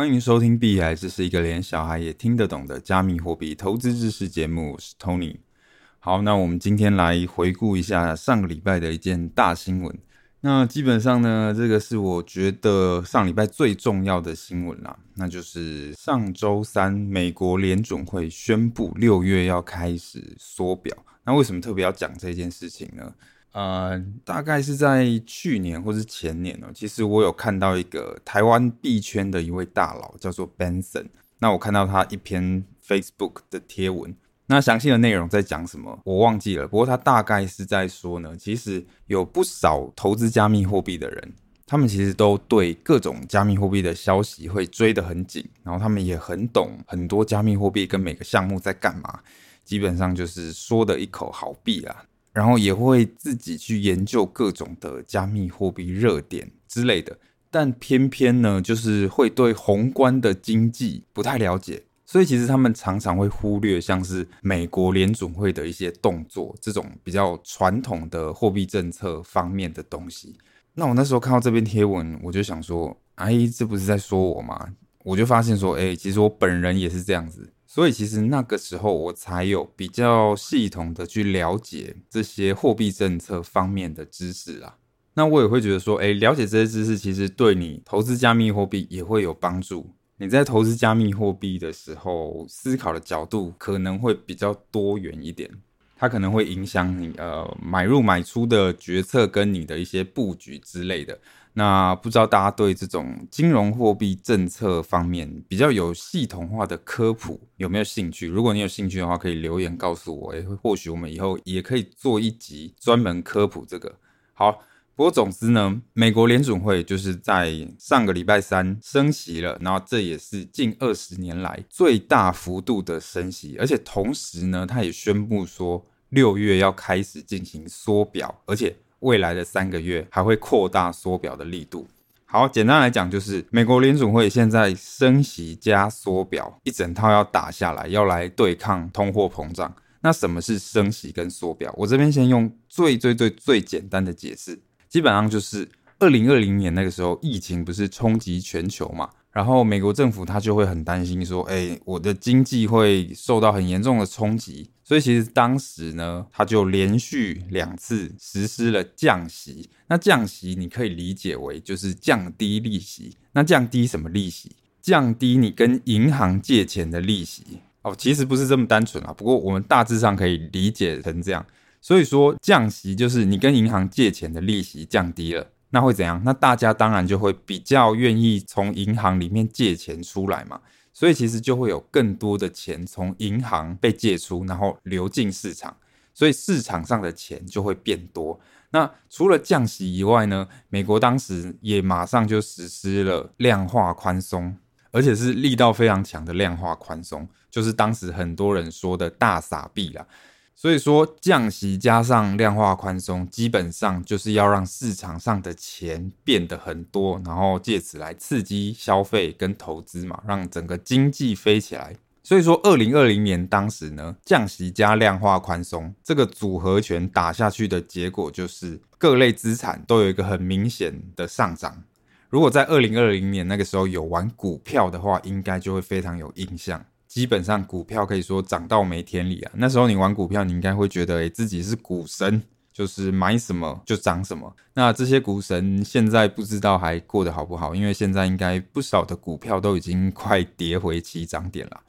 歡迎收聽《幣海》這是一個連小孩也聽得懂的加密貨幣投資知識節目。我是 Tony。好，那我們今天來回顧一下上個禮拜的一件大新聞。那基本上呢，這個是我覺得上禮拜最重要的新聞啦。那就是上週三，美國聯準會宣布六月要開始縮表。那為什麼特別要講這件事情呢？嗯、呃，大概是在去年或是前年呢、喔。其實我有看到一個台灣幣圈的一位大佬叫做 Benson，那我看到他一篇 Facebook 的貼文，那詳細的內容在講什麼我忘記了。不過他大概是在說呢，其實有不少投資加密貨幣的人，他們其實都對各種加密貨幣的消息會追得很緊，然後他們也很懂很多加密貨幣跟每個項目在幹嘛。基本上就是說得一口好幣啊。然後也會自己去研究各種的加密貨幣熱點之類的，但偏偏呢，就是會對宏觀的經濟不太了解，所以其實他們常常會忽略像是美國聯準會的一些動作這種比較傳統的貨幣政策方面的東西。那我那時候看到這篇貼文，我就想說：“哎，這不是在說我嗎？”我就發現說：“哎，其實我本人也是這樣子。”所以其實那個時候我才有比較系統的去了解這些貨幣政策方面的知識啦。那我也會覺得說，哎、欸，了解這些知識其實對你投資加密貨幣也會有幫助。你在投資加密貨幣的時候，思考的角度可能會比較多元一點，它可能會影響你呃買入買出的決策跟你的一些布局之類的。那不知道大家對這種金融貨幣政策方面比較有系統化的科普有沒有興趣？如果你有興趣的話，可以留言告訴我，也、欸、或許我們以後也可以做一集專門科普這個。好，不過總之呢，美國聯準會就是在上個禮拜三升息了，然後這也是近二十年來最大幅度的升息，而且同時呢，他也宣布說六月要開始進行縮表，而且。未來的三個月還會擴大縮表的力度。好，簡單來講，就是美國聯準會現在升息加縮表，一整套要打下來，要來對抗通貨膨脹。那什麼是升息跟縮表？我這邊先用最最最最簡單的解釋，基本上就是。二零二零年那個時候，疫情不是衝擊全球嘛？然後美國政府他就會很擔心，說：“哎，我的經濟會受到很嚴重的衝擊。”所以其實當時呢，他就連續兩次實施了降息。那降息你可以理解為就是降低利息。那降低什麼利息？降低你跟銀行借錢的利息哦。其實不是這麼單純啊，不過我們大致上可以理解成這樣。所以說降息就是你跟銀行借錢的利息降低了。那會怎樣？那大家當然就會比較願意從銀行裡面借錢出來嘛，所以其實就會有更多的錢從銀行被借出，然後流進市場，所以市場上的錢就會變多。那除了降息以外呢，美國當時也馬上就實施了量化寬鬆，而且是力道非常強的量化寬鬆，就是當時很多人說的大撒幣啦。所以說降息，加上量化寬鬆，基本上就是要讓市場上的錢變得很多，然後借此來刺激消費跟投資嘛，讓整個經濟飛起來。所以說，二零二零年當時呢，降息加量化寬鬆這個組合拳打下去的結果，就是各類資產都有一個很明顯的上漲。如果在二零二零年那個時候有玩股票的話，應該就會非常有印象。基本上股票可以說漲到沒天理啊！那時候你玩股票，你應該會覺得，欸，自己是股神，就是買什麼就漲什麼。那這些股神現在不知道還過得好不好，因為現在應該不少的股票都已經快跌回起漲點了。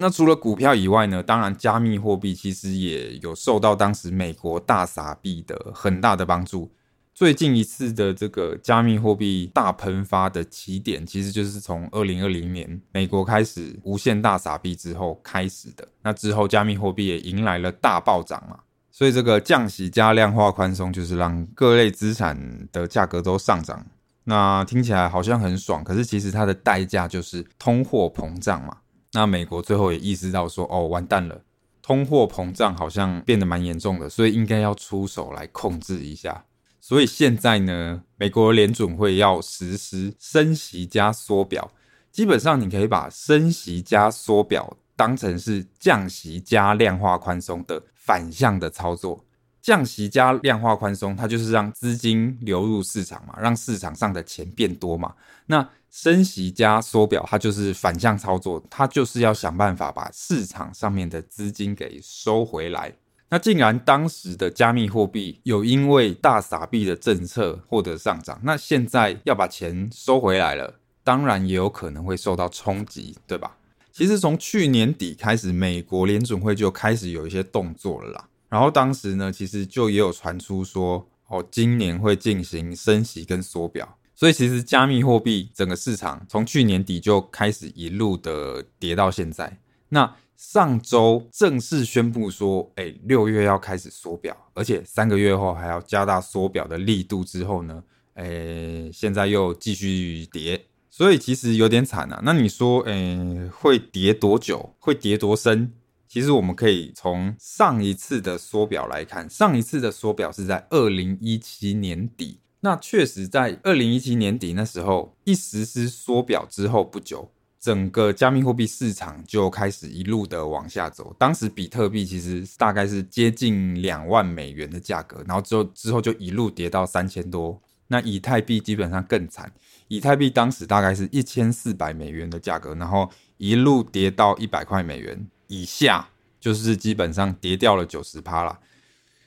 那除了股票以外呢，當然加密貨幣其實也有受到當時美國大撒幣的很大的幫助。最近一次的這個加密貨幣大噴發的起點，其實就是從二零二零年美國開始無限大撒幣之後開始的。那之後，加密貨幣也迎來了大暴漲嘛。所以，這個降息加量化寬鬆，就是讓各類資產的價格都上漲。那聽起來好像很爽，可是其實它的代價就是通貨膨脹嘛。那美國最後也意識到說，哦，完蛋了，通貨膨脹好像變得蠻嚴重的，所以應該要出手來控制一下。所以現在呢，美國聯準會要實施升息加縮表，基本上你可以把升息加縮表當成是降息加量化寬鬆的反向的操作。降息加量化寬鬆，它就是讓資金流入市場嘛，讓市場上的錢變多嘛。那升息加縮表，它就是反向操作，它就是要想辦法把市場上面的資金給收回來。那既然當時的加密貨幣有因為大撒幣的政策獲得上漲，那現在要把錢收回來了，當然也有可能會受到衝擊，對吧？其實從去年底開始，美國聯準會就開始有一些動作了啦。然後當時呢，其實就也有傳出說，哦，今年會進行升息跟縮表，所以其實加密貨幣整個市場從去年底就開始一路的跌到現在。那上周正式宣布說，哎、欸，六月要開始縮表，而且三個月後還要加大縮表的力度。之後呢，哎、欸，現在又繼續跌，所以其實有點慘啊。那你說，哎、欸，會跌多久？會跌多深？其實我們可以從上一次的縮表來看，上一次的縮表是在二零一七年底。那確實在二零一七年底那時候一實施縮表之後不久，整個加密貨幣市場就開始一路的往下走。當時比特幣其實大概是接近兩萬美元的價格，然後之後之後就一路跌到三千多。那以太幣基本上更慘，以太幣當時大概是一千四百美元的價格，然後一路跌到一百塊美元以下，就是基本上跌掉了九十趴啦。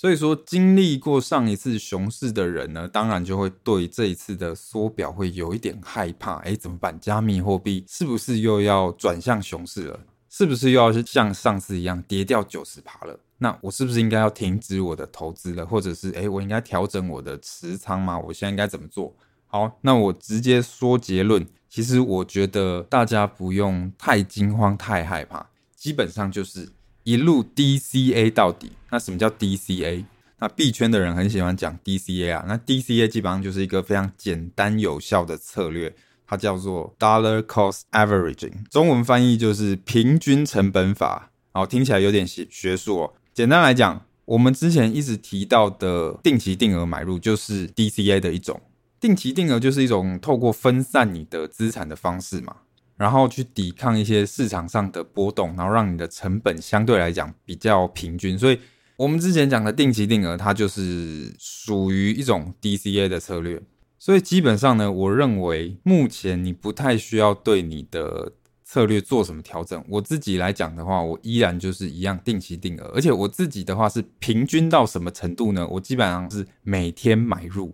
所以說，經歷過上一次熊市的人呢，當然就會對這一次的縮表會有一點害怕。哎，怎麼辦？加密貨幣是不是又要轉向熊市了？是不是又要像上次一樣跌掉九十趴了？那我是不是應該要停止我的投資了？或者是，哎，我應該調整我的持倉嗎？我現在應該怎麼做？好，那我直接說結論。其實我覺得大家不用太驚慌、太害怕，基本上就是。一路 DCA 到底，那什麼叫 DCA？那幣圈的人很喜歡講 DCA 啊。那 DCA 基本上就是一個非常簡單有效的策略，它叫做 Dollar Cost Averaging，中文翻譯就是平均成本法。好聽起來有點學學術哦，簡單來講，我們之前一直提到的定期定額買入就是 DCA 的一種。定期定額就是一種透過分散你的資產的方式嘛。然後去抵抗一些市場上的波動，然後讓你的成本相對來講比較平均。所以，我們之前講的定期定額，它就是屬於一種 DCA 的策略。所以，基本上呢，我認為目前你不太需要對你的策略做什麼調整。我自己來講的話，我依然就是一樣定期定額，而且我自己的話是平均到什麼程度呢？我基本上是每天買入。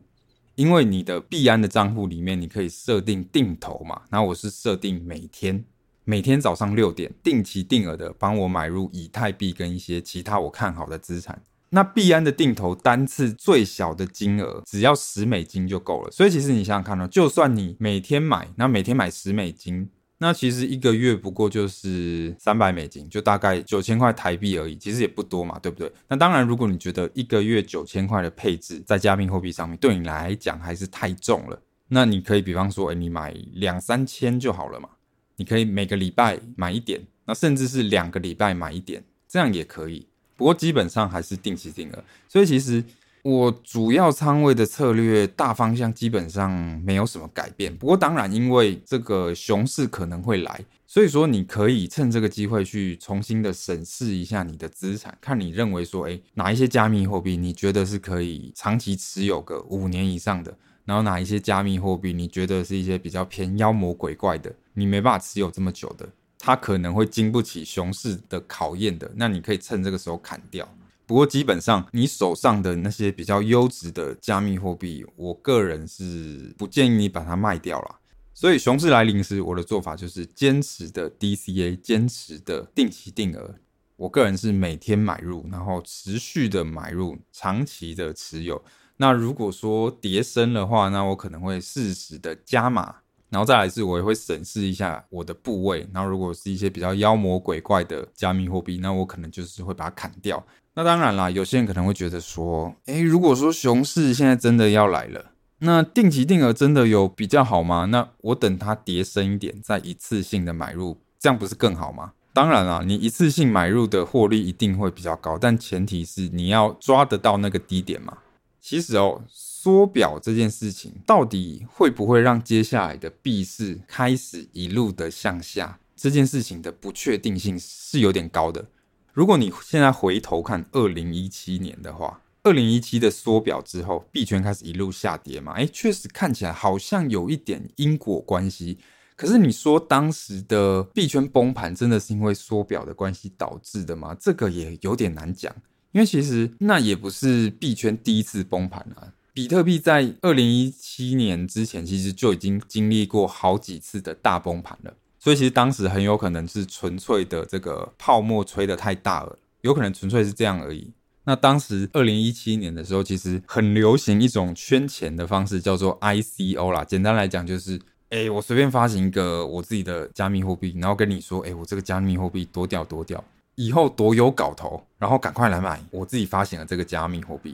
因為你的幣安的賬戶裡面，你可以設定定投嘛，那我是設定每天，每天早上六點，定期定額的幫我買入以太幣跟一些其他我看好的資產。那幣安的定投單次最小的金額只要十美金就夠了，所以其實你想想看呢，就算你每天買，那每天買十美金。那其實一個月不過就是三百美金，就大概九千塊台幣而已，其實也不多嘛，對不對？那當然，如果你覺得一個月九千塊的配置在加密貨幣上面對你來講還是太重了，那你可以比方說，哎，你買兩三千就好了嘛，你可以每個禮拜買一點，那甚至是兩個禮拜買一點，這樣也可以。不過基本上還是定期定額，所以其實。我主要倉位的策略大方向基本上沒有什麼改變，不過當然，因為這個熊市可能會來，所以說你可以趁這個機會去重新的審視一下你的資產，看你認為說，欸，哪一些加密貨幣你覺得是可以長期持有個五年以上的，然後哪一些加密貨幣你覺得是一些比較偏妖魔鬼怪的，你沒辦法持有這麼久的，它可能會經不起熊市的考驗的，那你可以趁這個時候砍掉。不過基本上，你手上的那些比較優質的加密貨幣，我個人是不建議你把它賣掉了。所以熊市來臨時，我的做法就是堅持的 DCA，堅持的定期定額。我個人是每天買入，然後持續的買入，長期的持有。那如果說跌深的話，那我可能會適時的加碼。然後再來是，我也會審視一下我的部位。然後如果是一些比較妖魔鬼怪的加密貨幣，那我可能就是會把它砍掉。那當然啦，有些人可能會覺得說，誒，如果說熊市現在真的要來了，那定期定額真的有比較好嗎？那我等它跌深一點再一次性的買入，這樣不是更好嗎？當然啦，你一次性買入的獲利一定會比較高，但前提是你要抓得到那個低點嘛。其實哦。縮表這件事情到底會不會讓接下來的幣市開始一路的向下？這件事情的不確定性是有點高的。如果你現在回頭看二零一七年的話，二零一七的縮表之後，幣圈開始一路下跌嘛，哎，確實看起來好像有一點因果關係。可是你說當時的幣圈崩盤真的是因為縮表的關係導致的嗎？這個也有點難講，因為其實那也不是幣圈第一次崩盤啊。比特幣在二零一七年之前，其實就已經經歷過好幾次的大崩盤了，所以其實當時很有可能是純粹的這個泡沫吹得太大了，有可能純粹是這樣而已。那當時二零一七年的時候，其實很流行一種圈錢的方式，叫做 ICO 啦。簡單來講，就是哎，我隨便發行一個我自己的加密貨幣，然後跟你說，哎，我這個加密貨幣多屌、多屌，以後多有搞頭，然後趕快來買我自己發行的這個加密貨幣。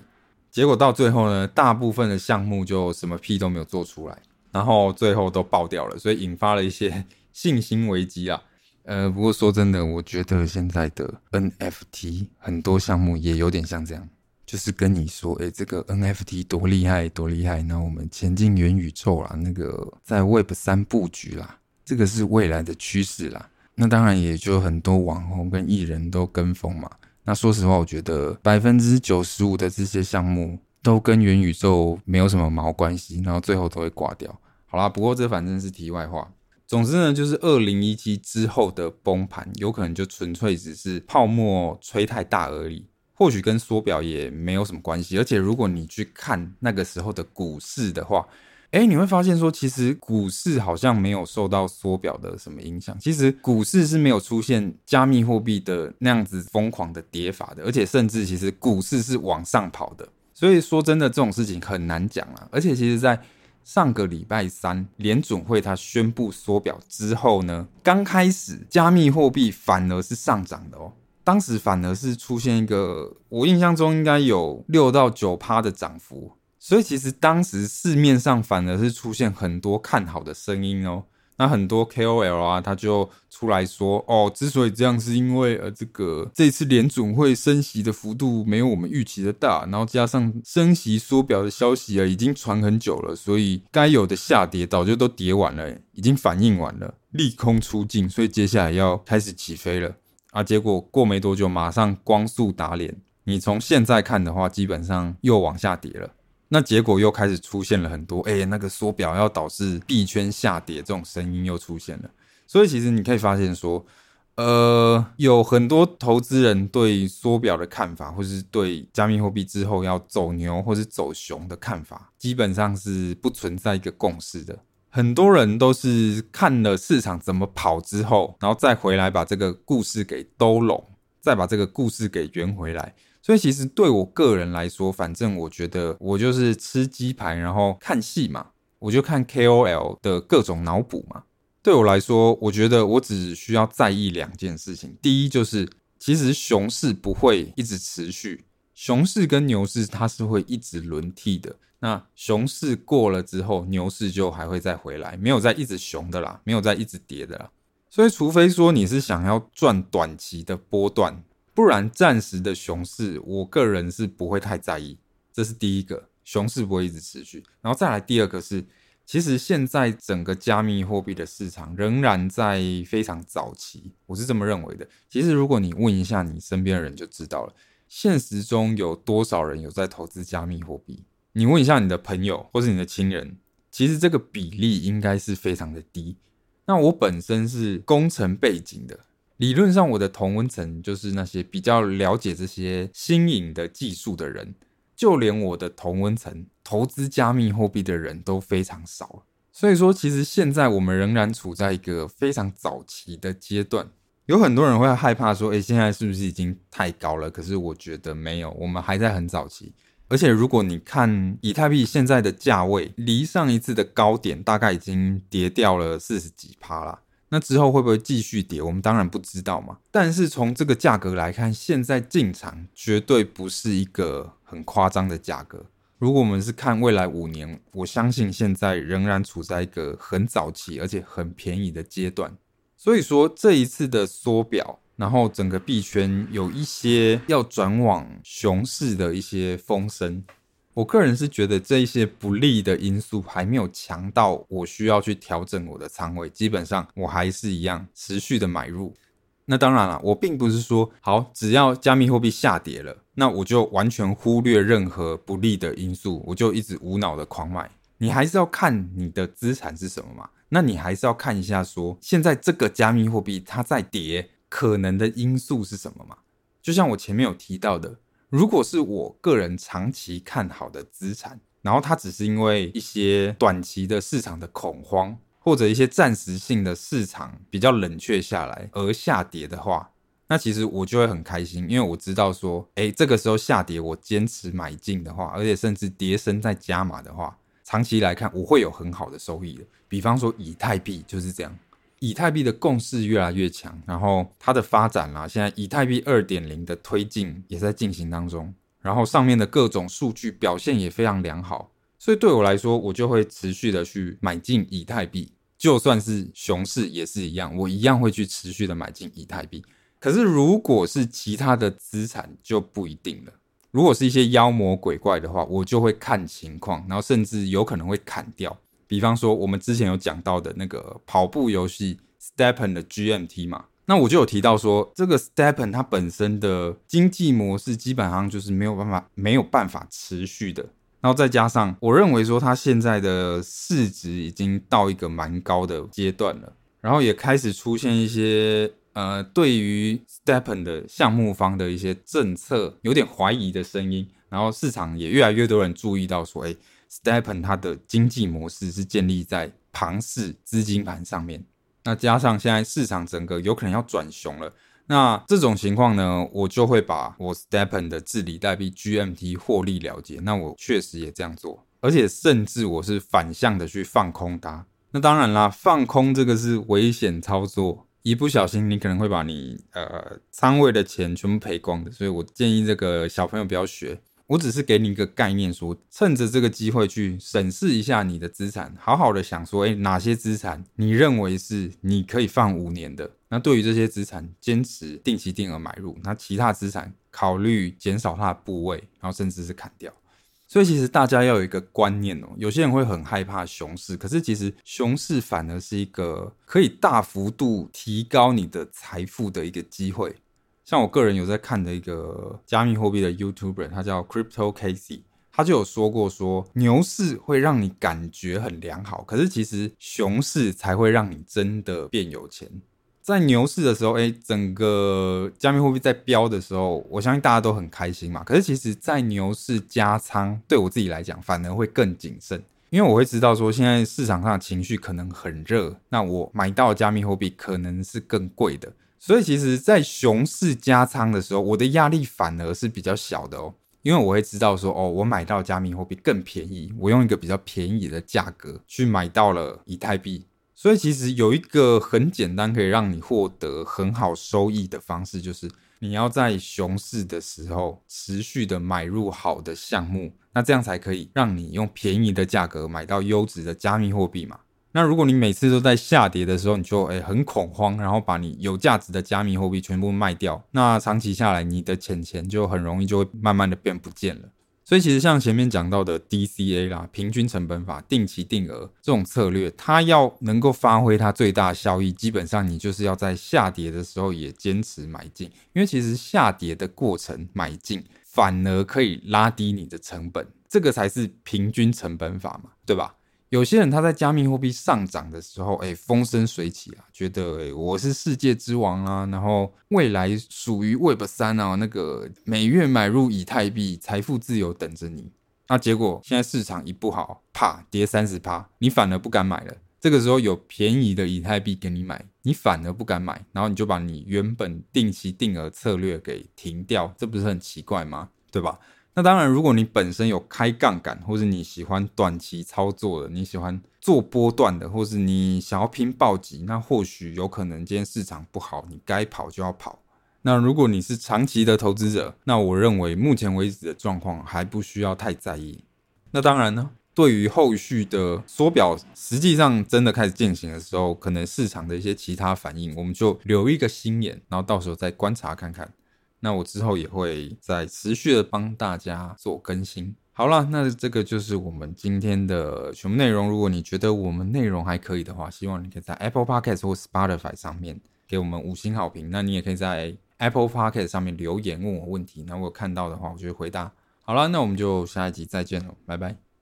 結果到最後呢，大部分的項目就什麼屁都沒有做出來，然後最後都爆掉了，所以引發了一些 信心危機啊。呃，不過說真的，我覺得現在的 NFT 很多項目也有點像這樣，就是跟你說，誒、欸、這個 NFT 多厲害多厲害，那我們前進元宇宙啦，那個在 Web 3布局啦，這個是未來的趨勢啦。那當然也就很多網紅跟藝人都跟風嘛。那說實話，我覺得百分之九十五的這些項目都跟元宇宙沒有什麼毛關係，然後最後都會掛掉。好啦，不過這反正是題外話。總之呢，就是二零一七之後的崩盤，有可能就純粹只是泡沫吹太大而已，或許跟縮表也沒有什麼關係。而且如果你去看那個時候的股市的話，哎、欸，你會發現說，其實股市好像沒有受到縮表的什麼影響。其實股市是沒有出現加密貨幣的那樣子瘋狂的跌法的，而且甚至其實股市是往上跑的。所以說真的這種事情很難講啊。而且其實，在上個禮拜三聯準會他宣布縮表之後呢，剛開始加密貨幣反而是上漲的哦。當時反而是出現一個，我印象中應該有六到九趴的漲幅。所以其實當時市面上反而是出現很多看好的聲音哦，那很多 KOL 啊，他就出來說哦，之所以這樣是因為呃這個這次聯準會升息的幅度沒有我們預期的大，然後加上升息縮表的消息啊已經傳很久了，所以該有的下跌早就都跌完了，已經反應完了，利空出盡，所以接下來要開始起飛了啊。結果過沒多久，馬上光速打臉。你從現在看的話，基本上又往下跌了。那結果又開始出現了很多，哎、欸，那個縮表要導致幣圈下跌這種聲音又出現了。所以其實你可以發現說，呃，有很多投資人對縮表的看法，或是對加密貨幣之後要走牛或者走熊的看法，基本上是不存在一個共識的。很多人都是看了市場怎麼跑之後，然後再回來把這個故事給兜攏，再把這個故事給圓回來。所以其實對我個人來說，反正我覺得我就是吃雞排，然後看戲嘛，我就看 KOL 的各種腦補嘛。對我來說，我覺得我只需要在意兩件事情。第一就是，其實熊市不會一直持續，熊市跟牛市它是會一直輪替的。那熊市過了之後，牛市就還會再回來，沒有再一直熊的啦，沒有再一直跌的啦。所以，除非說你是想要賺短期的波段。不然，暫時的熊市，我個人是不會太在意。這是第一個，熊市不會一直持續。然後再來第二個是，其實現在整個加密貨幣的市場仍然在非常早期，我是這麼認為的。其實，如果你問一下你身邊的人就知道了，現實中有多少人有在投資加密貨幣？你問一下你的朋友或是你的親人，其實這個比例應該是非常的低。那我本身是工程背景的。理論上，我的同溫層就是那些比較了解這些新穎的技術的人，就連我的同溫層投資加密貨幣的人都非常少。所以說，其實現在我們仍然處在一個非常早期的階段。有很多人會害怕說：“欸，現在是不是已經太高了？”可是我覺得沒有，我們還在很早期。而且，如果你看以太幣現在的價位，離上一次的高點大概已經跌掉了四十幾趴啦。那之後會不會繼續跌？我們當然不知道嘛。但是從這個價格來看，現在進場絕對不是一個很誇張的價格。如果我們是看未來五年，我相信現在仍然處在一個很早期而且很便宜的階段。所以說這一次的縮表，然後整個幣圈有一些要轉往熊市的一些風聲。我個人是覺得這一些不利的因素還沒有強到我需要去調整我的倉位，基本上我還是一樣持續的買入。那當然了，我並不是說好，只要加密貨幣下跌了，那我就完全忽略任何不利的因素，我就一直無腦的狂買。你還是要看你的資產是什麼嘛？那你還是要看一下說，說現在這個加密貨幣它在跌，可能的因素是什麼嘛？就像我前面有提到的。如果是我個人長期看好的資產，然後它只是因為一些短期的市場的恐慌，或者一些暫時性的市場比較冷卻下來而下跌的話，那其實我就會很開心，因為我知道說，哎、欸，這個時候下跌，我堅持買進的話，而且甚至跌升再加碼的話，長期來看我會有很好的收益的。比方說以太幣就是這樣。以太幣的共識越來越強，然後它的發展啦，現在以太幣二點零的推進也在進行當中，然後上面的各種數據表現也非常良好，所以對我來說，我就會持續的去買進以太幣，就算是熊市也是一樣，我一樣會去持續的買進以太幣。可是如果是其他的資產就不一定了，如果是一些妖魔鬼怪的話，我就會看情況，然後甚至有可能會砍掉。比方說，我們之前有講到的那個跑步遊戲 StepN 的 GMT 嘛，那我就有提到說，這個 StepN 它本身的經濟模式基本上就是沒有辦法、沒有辦法持續的。然後再加上，我認為說它現在的市值已經到一個蠻高的階段了，然後也開始出現一些呃，對於 StepN 的項目方的一些政策有點懷疑的聲音，然後市場也越來越多人注意到說，哎、欸。STEPN 它的經濟模式是建立在龐氏資金盤上面，那加上現在市場整個有可能要轉熊了，那這種情況呢，我就會把我 STEPN 的治理代幣 GMT 獲利了結。那我確實也這樣做，而且甚至我是反向的去放空它。那當然啦，放空這個是危險操作，一不小心你可能會把你呃倉位的錢全部賠光的。所以我建議這個小朋友不要學。我只是給你一個概念說，趁着這個機會去審視一下你的資產，好好的想說，哎，哪些資產你認為是你可以放五年的？那對於這些資產，堅持定期定額買入；那其他資產，考慮減少它的部位，然後甚至是砍掉。所以其實大家要有一個觀念哦，有些人會很害怕熊市，可是其實熊市反而是一個可以大幅度提高你的財富的一個機會。像我個人有在看的一個加密貨幣的 YouTuber，他叫 Crypto Casey，他就有說過說牛市會讓你感覺很良好，可是其實熊市才會讓你真的變有錢。在牛市的時候，欸，整個加密貨幣在飆的時候，我相信大家都很開心嘛。可是其實，在牛市加倉，對我自己來講，反而會更謹慎，因為我會知道說現在市場上情緒可能很熱，那我買到的加密貨幣可能是更貴的。所以其實，在熊市加倉的時候，我的壓力反而是比較小的哦，因為我會知道說，哦，我買到加密貨幣更便宜，我用一個比較便宜的價格去買到了以太幣。所以其實有一個很簡單可以讓你獲得很好收益的方式，就是你要在熊市的時候持續的買入好的項目，那這樣才可以讓你用便宜的價格買到優質的加密貨幣嘛。那如果你每次都在下跌的時候，你就誒、欸、很恐慌，然後把你有價值的加密貨幣全部賣掉，那長期下來，你的錢錢就很容易就會慢慢的變不見了。所以其實像前面講到的 DCA 啦，平均成本法、定期定額這種策略，它要能夠發揮它最大的效益，基本上你就是要在下跌的時候也堅持買進，因為其實下跌的過程買進反而可以拉低你的成本，這個才是平均成本法嘛，對吧？有些人他在加密貨幣上漲的時候，誒、欸、風生水起啊，覺得、欸、我是世界之王啊。然後未來屬於 Web 三啊，那個每月買入以太幣，財富自由等着你。那結果現在市場一不好，啪跌三十趴，你反而不敢買了。這個時候有便宜的以太幣給你買，你反而不敢買，然後你就把你原本定期定額策略給停掉，這不是很奇怪嗎？對吧？那當然，如果你本身有開槓桿，或是你喜歡短期操作的，你喜歡做波段的，或是你想要拼暴擊，那或許有可能今天市場不好，你該跑就要跑。那如果你是長期的投資者，那我認為目前為止的狀況還不需要太在意。那當然呢，對於後續的縮表，實際上真的開始進行的時候，可能市場的一些其他反應，我們就留一個心眼，然後到時候再觀察看看。那我之後也會再持續的幫大家做更新。好啦，那這個就是我們今天的全部內容。如果你覺得我們內容還可以的話，希望你可以在 Apple Podcast 或 Spotify 上面給我們五星好評。那你也可以在 Apple Podcast 上面留言問我問題，那我有看到的話我就回答。好啦，那我們就下一集再見了，拜拜。